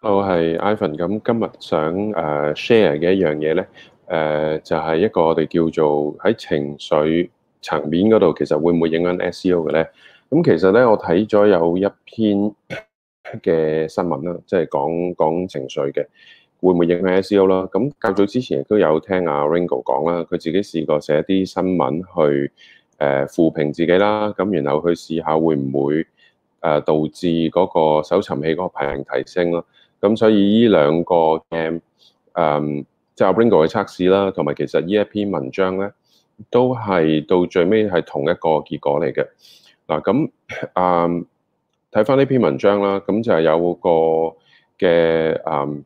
Hello, 我係 Ivan，咁今日想誒 share 嘅一樣嘢咧，誒就係一個我哋叫做喺情緒層面嗰度，其實會唔會影響 SEO 嘅咧？咁其實咧，我睇咗有一篇嘅新聞啦，即係講講情緒嘅，會唔會影響 SEO 啦？咁較早之前亦都有聽阿 Ringo 講啦，佢自己試過寫啲新聞去誒撫平自己啦，咁然後去試下會唔會誒導致嗰個搜尋器嗰個排名提升咯。咁所以呢兩個嘅誒，即、嗯、係、就是、Ringo 嘅測試啦，同埋其實呢一篇文章咧，都係到最尾係同一個結果嚟嘅嗱。咁誒睇翻呢篇文章啦，咁就係有個嘅誒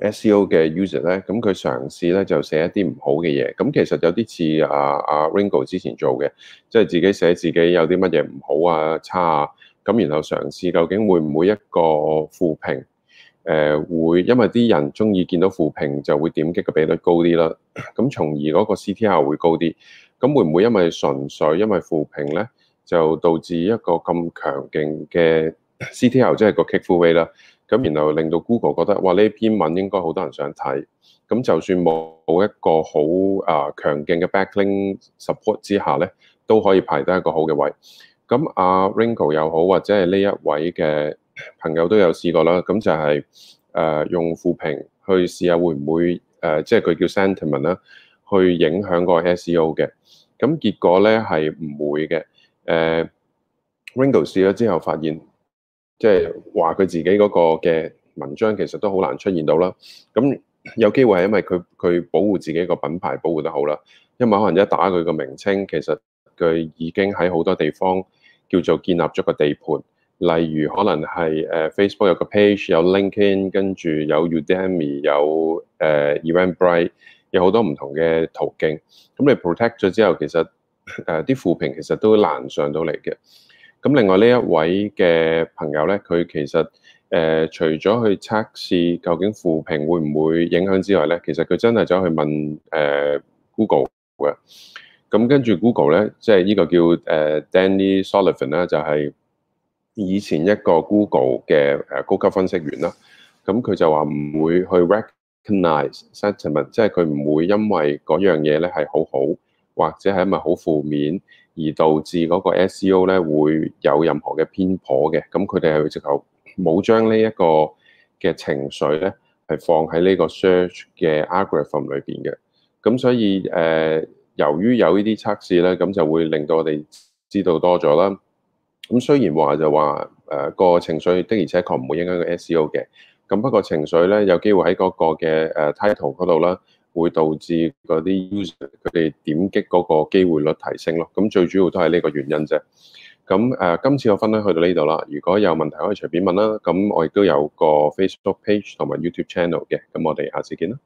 SEO 嘅 user 咧，咁佢嘗試咧就寫一啲唔好嘅嘢，咁其實有啲似阿、啊、阿、啊、Ringo 之前做嘅，即、就、係、是、自己寫自己有啲乜嘢唔好啊差啊，咁然後嘗試究竟會唔會一個負評？誒、呃、會因為啲人中意見到負評就會點擊嘅比率高啲啦，咁從而嗰個 CTR 會高啲。咁會唔會因為純粹因為負評咧，就導致一個咁強勁嘅 CTR 即係個 click through rate 啦？咁然後令到 Google 覺得哇，呢篇文應該好多人想睇，咁就算冇一個好啊、呃、強勁嘅 backlink support 之下咧，都可以排得一個好嘅位。咁阿、啊、Ringo 又好，或者係呢一位嘅。朋友都有試過啦，咁就係、是、誒、呃、用負評去試下會唔會誒、呃，即係佢叫 sentiment 啦，去影響個 SEO 嘅。咁結果咧，係唔會嘅。誒，Windows 試咗之後發現，即係話佢自己嗰個嘅文章其實都好難出現到啦。咁有機會係因為佢佢保護自己個品牌保護得好啦，因為可能一打佢個名稱，其實佢已經喺好多地方叫做建立咗個地盤。例如可能係誒 Facebook 有個 page 有 LinkedIn 跟住有 Udemy 有誒、e、Eventbrite 有好多唔同嘅途徑咁你 protect 咗之後，其實誒啲負評其實都難上到嚟嘅。咁另外呢一位嘅朋友咧，佢其實誒除咗去測試究竟負評會唔會影響之外咧，其實佢真係走去問誒 Google 咁跟住 Google 咧，即係呢、就是、個叫誒 Danny Sullivan 啦，就係、是。以前一個 Google 嘅誒高級分析員啦，咁佢就話唔會去 recognize sentiment，即係佢唔會因為嗰樣嘢咧係好好或者係因為好負面而導致嗰個 SEO 咧會有任何嘅偏頗嘅。咁佢哋係直頭冇將呢一個嘅情緒咧係放喺呢個 search 嘅 algorithm 裏邊嘅。咁所以誒、呃，由於有呢啲測試咧，咁就會令到我哋知道多咗啦。咁雖然話就話誒個情緒的而且確唔會影響個 SEO 嘅，咁不過情緒咧有機會喺嗰個嘅誒 title 嗰度啦，會導致嗰啲 user 佢哋點擊嗰個機會率提升咯。咁最主要都係呢個原因啫。咁誒、呃、今次我分享去到呢度啦，如果有問題可以隨便問啦。咁我亦都有個 Facebook page 同埋 YouTube channel 嘅，咁我哋下次見啦。